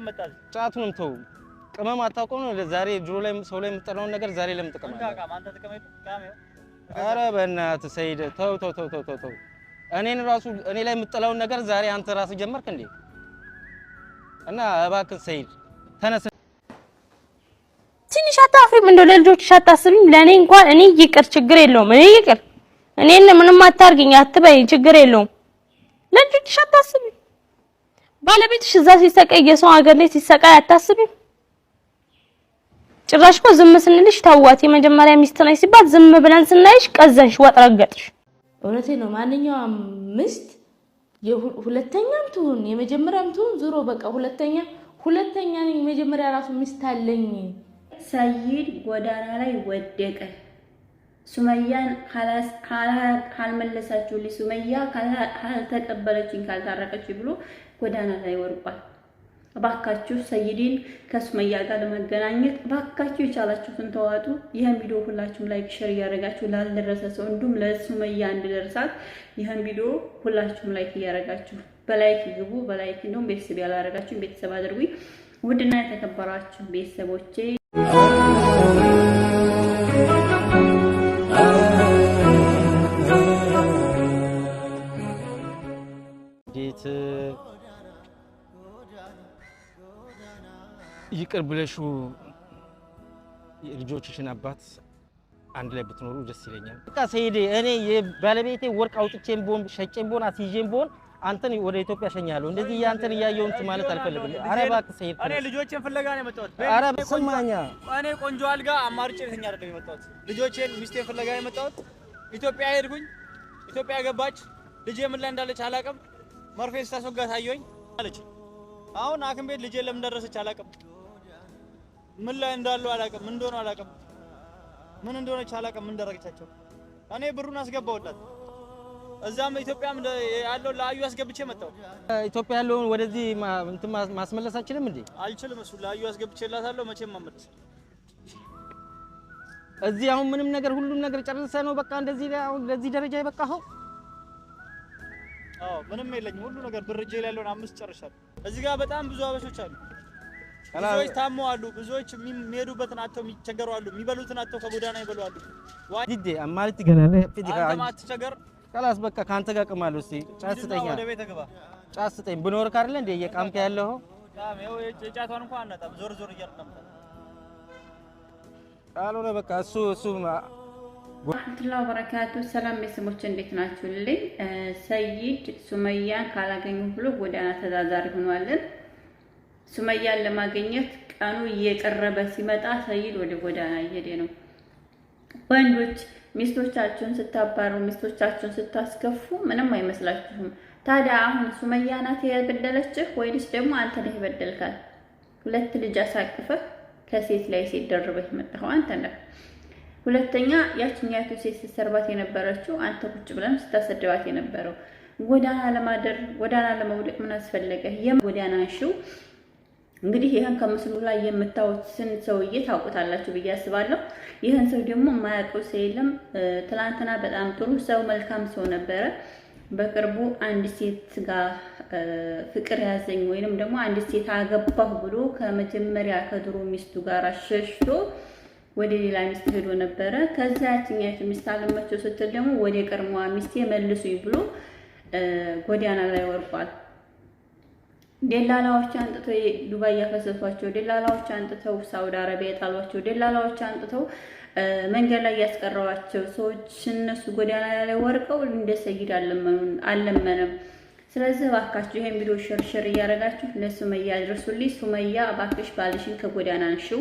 ያመጣል? ጫቱን ተው፣ ቅመም አታውቀው ነው። ዛሬ ድሮ ላይ ሰው ላይ የምጠላውን ነገር ዛሬ ለምን ጥቅም አለ? በእናትህ ሰይድ ተው ተው ተው ተው ተው። እኔን ራሱ እኔ ላይ የምጠላውን ነገር ዛሬ አንተ ራስህ ጀመርክ እንዴ? እና እባክህ ሰይድ ተነስ። ትንሽ አታፍሪም? እንደው ለልጆችሽ አታስቢም? ለእኔ እንኳን እኔ ይቅር፣ ችግር የለውም እኔ ይቅር፣ እኔን ምንም አታርግኝ አትበይ፣ ችግር የለውም ለልጆችሽ አታስቢም? ባለቤትሽ እዛ ሲሰቃይ የሰው ሀገር ላይ ሲሰቃይ አታስቢም? ጭራሽ እኮ ዝም ስንልሽ ታዋት የመጀመሪያ ሚስት ነሽ ሲባል ዝም ብለን ስናይሽ ቀዘንሽ፣ ወጥረገጥሽ። እውነቴ ነው። ማንኛውም ሚስት ሁለተኛም ትሁን የመጀመሪያም ትሁን ዞሮ በቃ ሁለተኛ ሁለተኛ ነኝ መጀመሪያ ራሱ ሚስት አለኝ። ሰይድ ጎዳና ላይ ወደቀ። ሱመያን ካልመለሳችሁልኝ፣ ሱመያ ካልተቀበለችኝ፣ ካልታረቀች ብሎ ጎዳና ላይ ወርቋል። እባካችሁ ሰይድን ከሱመያ ጋር ለማገናኘት እባካችሁ የቻላችሁትን ተዋጡ። ይህን ቪዲዮ ሁላችሁም ላይክ፣ ሼር እያደረጋችሁ ላልደረሰ ሰው እንዲሁም ለሱመያ እንድደርሳት ይህን ቪዲዮ ሁላችሁም ላይክ እያደረጋችሁ በላይክ ግቡ። በላይክ እንደውም ቤተሰብ ያላደረጋችሁ ቤተሰብ አድርጉኝ። ውድና የተከበራችሁ ቤተሰቦቼ ይቅር ብለሹ ልጆችሽን አባት አንድ ላይ ብትኖሩ ደስ ይለኛል። በቃ ሰይዴ፣ እኔ የባለቤቴ ወርቅ አውጥቼም ቢሆን ሸጬም ቢሆን አስይዤም ቢሆን አንተን ወደ ኢትዮጵያ ሸኛለሁ። እንደዚህ እያንተን እያየሁ ማለት አልፈልግም። ኧረ እባክህ ሰይድ፣ እኔ ልጆቼን ፍለጋ ነው የመጣሁት። ኧረ ስማኛ፣ እኔ ቆንጆ አልጋ አማርጬ ልተኛ አይደለም የመጣሁት። ልጆቼን ሚስቴን ፍለጋ ነው የመጣሁት። ኢትዮጵያ ሄድኩኝ፣ ኢትዮጵያ ገባች። ልጄ ምን ላይ እንዳለች አላውቅም። መርፌ ስታስወጋ ታየኝ አለች። አሁን ሐኪም ቤት ልጄ ለምን ደረሰች አላውቅም። ምን ላይ እንዳሉ አላውቅም፣ ምን እንደሆነ አላውቅም፣ ምን እንደሆነች አላውቅም፣ ምን እንዳረገቻቸው። እኔ ብሩን አስገባሁላት። እዛም ኢትዮጵያም ያለው ለአዩ አስገብቼ መጣው። ኢትዮጵያ ያለውን ወደዚህ እንትን ማስመለስ አልችልም እንዴ? አልችልም። እሱ ለአዩ አስገብቼላታለሁ። መቼም አመልስ እዚህ አሁን ምንም ነገር ሁሉም ነገር ጨርሰ ነው በቃ እንደዚህ ለዚህ ደረጃ የበቃኸው? አዎ ምንም የለኝም። ሁሉ ነገር ብር እጄ ላይ ያለውን አምስት ጨርሻለሁ። እዚህ ጋር በጣም ብዙ አበሾች አሉ። ብዙዎች ታመዋሉ። ብዙዎች የሚሄዱበትን አጥተው የሚቸገሩ አሉ። የሚበሉትን አጥተው ከጎዳና ይበሉ አሉ። ዲዴ አማልት ገናለ ፍቲ አትቸገር። ካላስ በቃ ካንተ ጋር ቅማለሁ። እስቲ ጫት ስጠኝ፣ ጫት ስጠኝ ብኖር ካርለ እንደ እየቃምከ ያለው የጫቷን እንኳን አናጣም። ዞር ዞር እያልክ ነው ካልሆነ በቃ እሱ እሱ ረህመቱላ በረካቱ። ሰላም ቤተሰቦች እንዴት ናችሁልኝ? ሰይድ ሱመያን ካላገኙ ብሎ ጎዳና ተዛዛሪ ሆኗልን። ሱመያን ለማግኘት ቀኑ እየቀረበ ሲመጣ ሰይድ ወደ ጎዳና እየሄደ ነው። ወንዶች ሚስቶቻችሁን ስታባሩ፣ ሚስቶቻችሁን ስታስከፉ ምንም አይመስላችሁም። ታዲያ አሁን ሱመያ ናት የበደለችህ ወይንስ ደግሞ አንተ ነህ ይበደልካል? ሁለት ልጅ አሳቅፈህ ከሴት ላይ ሴት ደርበህ መጣኸው አንተ ነህ። ሁለተኛ ያችኛቱ ሴት ስትሰርባት የነበረችው አንተ ቁጭ ብለን ስታሰድባት የነበረው ጎዳና ለማደር ጎዳና ለመውደቅ ምን አስፈለገ? የጎዳና ሽው እንግዲህ ይህን ከምስሉ ላይ የምታዩትን ሰውዬ ታውቁታላችሁ ብዬ አስባለሁ። ይህን ሰው ደግሞ የማያውቀው ሰው የለም። ትናንትና በጣም ጥሩ ሰው፣ መልካም ሰው ነበረ። በቅርቡ አንድ ሴት ጋር ፍቅር ያዘኝ ወይንም ደግሞ አንድ ሴት አገባሁ ብሎ ከመጀመሪያ ከድሮ ሚስቱ ጋር ሸሽቶ ወደ ሌላ ሚስት ሄዶ ነበረ። ከዚያችኛች ሚስት አለመቸው ስትል ደግሞ ወደ ቀድሞዋ ሚስቴ መልሱኝ ብሎ ጎዳና ላይ ወርቋል። ደላላዎች አንጥተው ዱባይ ያፈሰሷቸው፣ ደላላዎች አንጥተው ሳውዲ አረቢያ የጣሏቸው፣ ደላላዎች አንጥተው መንገድ ላይ ያስቀረዋቸው ሰዎች እነሱ ጎዳና ላይ ወርቀው እንደ ሰይድ አልለመነም። ስለዚህ እባካችሁ ይሄን ቪዲዮ ሼር ሼር እያደረጋችሁ ለሱመያ ድረሱልኝ። ሱመያ እባክሽ ባልሽን ከጎዳና አንሺው።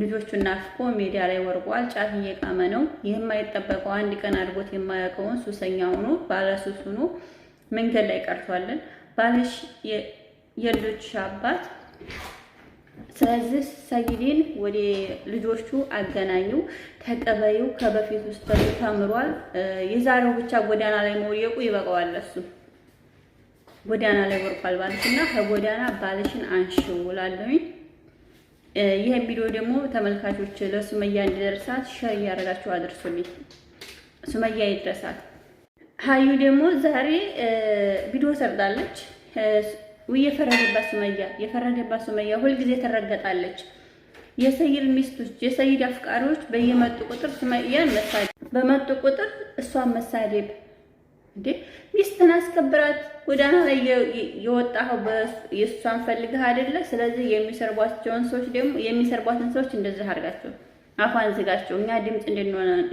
ልጆቹን ናፍቆ ሜዳ ላይ ወርቋል። ጫት እየቃመ ነው። ይህ የማይጠበቀው አንድ ቀን አድጎት የማያውቀውን ሱሰኛ ሆኖ ባለሱስ ሆኖ መንገድ ላይ ቀርቷለን። ባልሽ የልጆች አባት። ስለዚህ ሰይድን ወደ ልጆቹ አገናኙ፣ ተቀበዩ። ከበፊት ውስጥ ተምሯል። የዛሬው ብቻ ጎዳና ላይ መውየቁ ይበቃዋል። እሱ ጎዳና ላይ ወርቋል ባልሽና ከጎዳና ባልሽን አንሺው ይህ ቪዲዮ ደግሞ ተመልካቾች ለሱመያ እንዲደርሳት ሸር እያደረጋችሁ አድርሱልኝ። ሱመያ ይድረሳት። ሀዩ ደግሞ ዛሬ ቪዲዮ ሰርታለች። ውይ የፈረደባት ሱመያ የፈረደባት ሱመያ ሁልጊዜ ትረገጣለች። የሰይድ ሚስቶች የሰይድ አፍቃሪዎች በየመጡ ቁጥር ሱመያን መሳደብ በመጡ ቁጥር እሷን መሳደብ እንዴ ሚስትን አስከብራት። ጎዳና ላይ የወጣኸው የእሷን ፈልገህ አይደለ? ስለዚህ የሚሰርቧቸውን ሰዎች ደግሞ የሚሰርቧትን ሰዎች እንደዚህ አድርጋቸው። አፏን ዝጋቸው። እኛ ድምፅ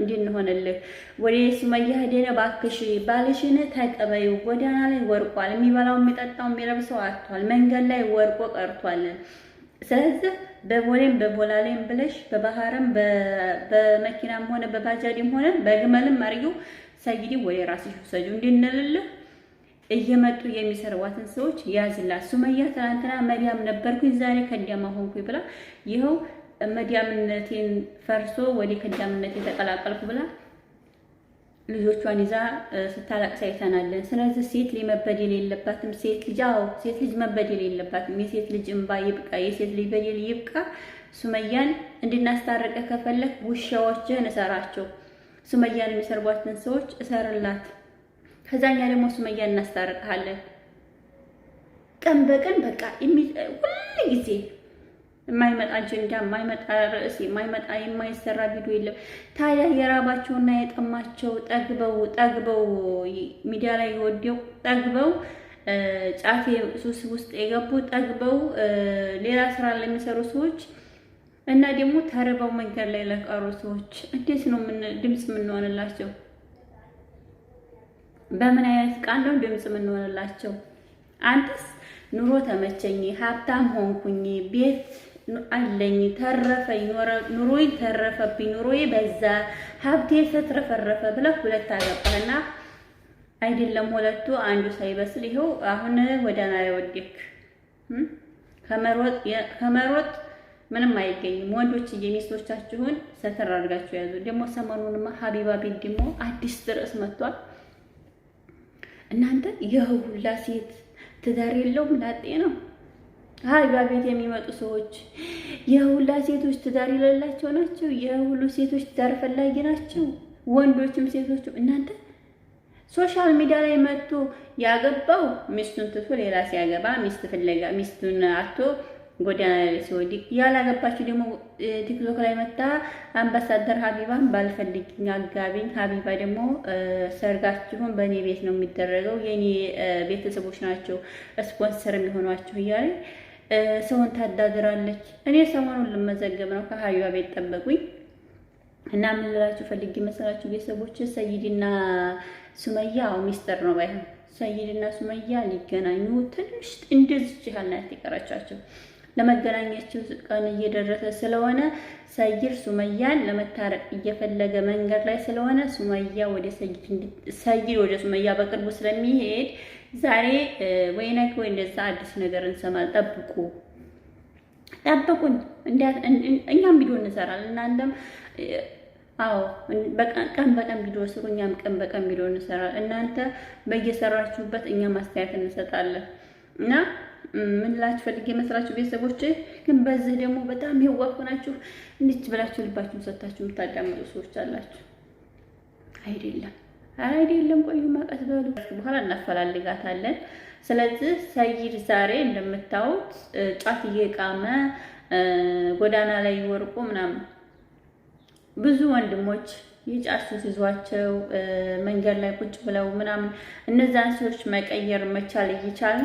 እንድንሆንልህ ወደ ሱመያ ሄደን እባክሽ ባልሽን ተቀበይው። ጎዳና ላይ ወርቋል። የሚበላው የሚጠጣው የሚለብሰው አጥቷል። መንገድ ላይ ወርቆ ቀርቷል። ስለዚህ በቦሌም በቦላሌም ብለሽ በባህርም በመኪናም ሆነ በባጃድም ሆነ በግመልም አርጊው ሰይዲ ወደ ራስሽ ውሰጁ እንድንልልህ እየመጡ የሚሰርዋትን ሰዎች ያዝላት። ሱመያ ትናንትና መዲያም ነበርኩኝ ዛሬ ከዲያማ ሆንኩኝ ብላ ይኸው መዲያምነቴን ፈርሶ ወደ ከዳምነት የተቀላቀልኩ ብላ ልጆቿን ይዛ ስታለቅስ አይተናለን። ስለዚህ ሴት ልጅ መበደል የለባትም። ሴት ልጅ አዎ ሴት ልጅ መበደል የለባትም። የሴት ልጅ እንባ ይብቃ፣ የሴት ልጅ በደል ይብቃ። ሱመያን እንድናስታረቀ ከፈለክ ውሻዎች እሰራቸው። ሱመያን የሚሰርቧትን ሰዎች እሰርላት። ከዛኛ ደግሞ ሱመያን እናስታርቀሃለን። ቀን በቀን በቃ ሁሉ ጊዜ የማይመጣ አጀንዳ፣ የማይመጣ ርዕስ፣ የማይመጣ የማይሰራ ቪዲዮ የለም። ታዲያ የራባቸውና የጠማቸው ጠግበው ጠግበው ሚዲያ ላይ የወደው ጠግበው ጫፌ ሱስ ውስጥ የገቡ ጠግበው ሌላ ስራ ለሚሰሩ ሰዎች እና ደግሞ ተርበው መንገድ ላይ ለቀሩ ሰዎች እንዴት ነው ምን ድምጽ የምንሆንላቸው? በምን አይነት ቃል ነው ድምጽ የምንሆንላቸው? አንተስ ኑሮ ተመቸኝ፣ ሀብታም ሆንኩኝ፣ ቤት አለኝ ተረፈኝ፣ ኑሮዬ ተረፈብኝ፣ ኑሮዬ በዛ፣ ሀብቴ ተትረፈረፈ ብለህ ሁለት አገባህና አይደለም ሁለቱ አንዱ ሳይበስል ይኸው አሁን ወደና ያወድክ ከመሮጥ ከመሮጥ ምንም አይገኝም። ወንዶች የሚስቶቻችሁን ሰተር አድርጋችሁ ያዙ። ደግሞ ሰሞኑንማ ሀቢባ ቢን ደግሞ አዲስ ርዕስ መጥቷል። እናንተ የሁላ ሁላ ሴት ትዳር የለውም ላጤ ነው ሀቢባ ቤት የሚመጡ ሰዎች የሁላ ሴቶች ትዳር የሌላቸው ናቸው። የሁሉ ሴቶች ትዳር ፈላጊ ናቸው። ወንዶችም ሴቶችም እናንተ ሶሻል ሚዲያ ላይ መጥቶ ያገባው ሚስቱን ትቶ ሌላ ሲያገባ ሚስት ፍለጋ ሚስቱን አቶ ጎዳና ላይ ሲወድቅ፣ ያላገባችሁ ደግሞ ቲክቶክ ላይ መታ አምባሳደር ሀቢባን ባልፈልግኝ አጋቢኝ፣ ሀቢባ ደግሞ ሰርጋችሁን በእኔ ቤት ነው የሚደረገው፣ የእኔ ቤተሰቦች ናቸው ስፖንሰር የሚሆኗችሁ እያለኝ ሰውን ታዳድራለች። እኔ ሰሞኑን ልመዘገብ ነው ከሀያ ቤት ጠበቁኝ እና ምን ልላችሁ ፈልጌ መሰላችሁ ቤተሰቦች፣ ሰይድና ሱመያ አዎ ሚስጥር ነው ባይሆን ሰይድና ሱመያ ሊገናኙ ትንሽ እንደዚች ያህል ናት የቀረቻቸው። ለመገናኛቸው ቀን እየደረሰ ስለሆነ ሰይድ ሱመያን ለመታረቅ እየፈለገ መንገድ ላይ ስለሆነ ሱመያ ወደ ሰይድ ሰይድ ወደ ሱመያ በቅርቡ ስለሚሄድ ዛሬ ወይ ወይ እንደዛ አዲስ ነገር እንሰማል። ጠብቁ ጠብቁን። እኛም ቪዲዮ እንሰራል። እናንተም አዎ፣ ቀን በቀን ቪዲዮ ስሩ፣ እኛም ቀን በቀን ቪዲዮ እንሰራል። እናንተ በየሰራችሁበት እኛ ማስተያየት እንሰጣለን እና ምን ላችሁ ፈልግ መስራችሁ ቤተሰቦች፣ ግን በዚህ ደግሞ በጣም የዋህ ሆናችሁ እንድች ብላችሁ ልባችሁን ሰታችሁ የምታዳምጡ ሰዎች አላችሁ አይደለም የለም ቆዩ ቀስ በሉ በኋላ እናፈላልጋታለን። ስለዚህ ሰይድ ዛሬ እንደምታዩት ጫት እየቃመ ጎዳና ላይ ወርቁ ምናምን ብዙ ወንድሞች የጫሱ ሲዟቸው መንገድ ላይ ቁጭ ብለው ምናምን እነዛን ሰዎች መቀየር መቻል እየቻል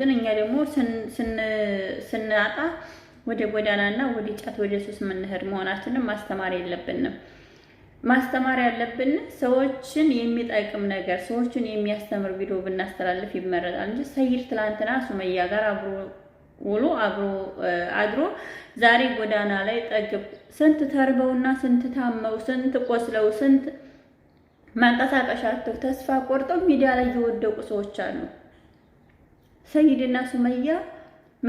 ግን እኛ ደግሞ ስናጣ ወደ ጎዳናና ወደ ጫት ወደ ሱስ የምንሄድ መሆናችንም ማስተማር የለብንም። ማስተማር ያለብን ሰዎችን የሚጠቅም ነገር ሰዎችን የሚያስተምር ቪዲዮ ብናስተላልፍ ይመረጣል እንጂ ሰይድ ትላንትና ሱመያ ጋር አብሮ ውሎ አብሮ አድሮ ዛሬ ጎዳና ላይ ጠግብ ስንት ተርበውና ስንት ታመው ስንት ቆስለው ስንት ማንቀሳቀሻቸው ተስፋ ቆርጠው ሚዲያ ላይ የወደቁ ሰዎች አሉ። ሰይድና ሱመያ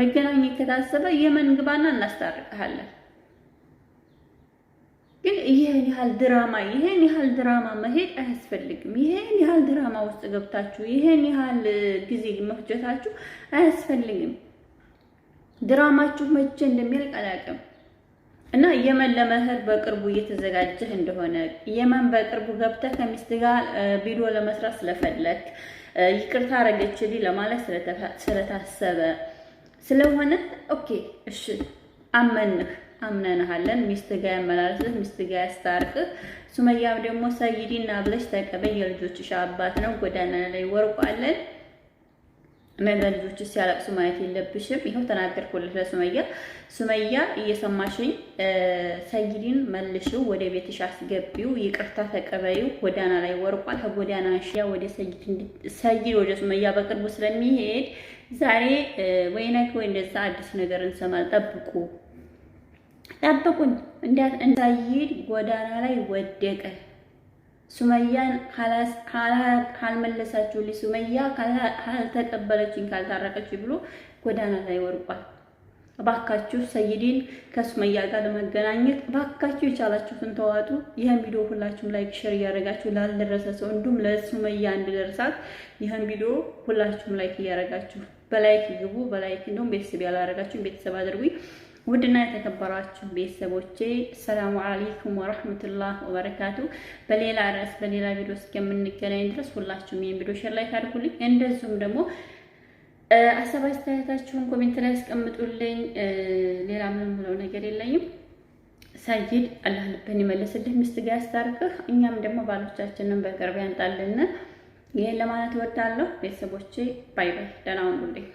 መገናኘት ከታሰበ የመን ግባና እናስታርቅሃለን። ግን ይህን ያህል ድራማ ይሄን ያህል ድራማ መሄድ አያስፈልግም። ይሄን ያህል ድራማ ውስጥ ገብታችሁ ይሄን ያህል ጊዜ መፍጀታችሁ አያስፈልግም። ድራማችሁ መቼ እንደሚያልቅ አላውቅም። እና የመን ለመሄድ በቅርቡ እየተዘጋጀህ እንደሆነ የመን በቅርቡ ገብተህ ከሚስት ጋር ቪዲዮ ለመስራት ስለፈለክ ይቅርታ አረገችልኝ ለማለት ስለታሰበ ስለሆነ ኦኬ፣ እሺ አመንህ። አምነንሃለን። ሚስት ጋ ያመላልስህ፣ ሚስት ጋ ያስታርቅህ። ሱመያም ደግሞ ሰይዲና ብለሽ ተቀበይ፣ የልጆችሽ አባት ነው፣ ጎዳና ላይ ወርቋለን። ነገ ልጆች ሲያለቅሱ ማየት የለብሽም። ይኸው ተናገርኩልሽ ለሱመያ። ሱመያ እየሰማሽኝ፣ ሰይድን መልሽው፣ ወደ ቤትሽ አስገቢው፣ ይቅርታ ተቀበዩ። ጎዳና ላይ ወርቋል። ከጎዳና ሽያ ወደ ሰይድ ወደ ሱመያ በቅርቡ ስለሚሄድ ዛሬ ወይ ነገ ወይ እንደዛ አዲስ ነገር እንሰማል። ጠብቁ። ጠብቁኝ እንዳይሄድ ጎዳና ላይ ወደቀ። ሱመያን ካልመለሳችሁልኝ፣ ሱመያ ካልተቀበለችኝ፣ ካልታረቀች ብሎ ጎዳና ላይ ወርቋል። እባካችሁ ሰይድን ከሱመያ ጋር ለመገናኘት እባካችሁ የቻላችሁትን ተዋጡ። ይህን ቪዲዮ ሁላችሁም ላይክ፣ ሼር እያደረጋችሁ ላልደረሰ ሰው እንዲሁም ለሱመያ እንድደርሳት ይህን ቪዲዮ ሁላችሁም ላይክ እያደረጋችሁ በላይክ ግቡ። በላይክ እንደውም ቤተሰብ ያላደረጋችሁ ቤተሰብ አድርጉኝ። ውድና የተከበራችሁ ቤተሰቦቼ ሰላሙ አለይኩም ወረህመቱላህ ወበረካቱ። በሌላ ርዕስ በሌላ ቪዲዮ እስከምንገናኝ ድረስ ሁላችሁም ይህን ቪዲዮ ሼር ላይክ አድርጉልኝ። እንደዚሁም ደግሞ ሀሳብ አስተያየታችሁን ኮሜንት ላይ አስቀምጡልኝ። ሌላ ምንም ብለው ነገር የለኝም። ሰይድ አላህ ልብህን ይመልስልህ፣ ሚስት ጋር ያስታርቅህ፣ እኛም ደግሞ ባሎቻችንን በቅርብ ያንጣልን። ይህን ለማለት እወዳለሁ ቤተሰቦቼ። ባይ ባይ፣ ደህና ሁኑልኝ።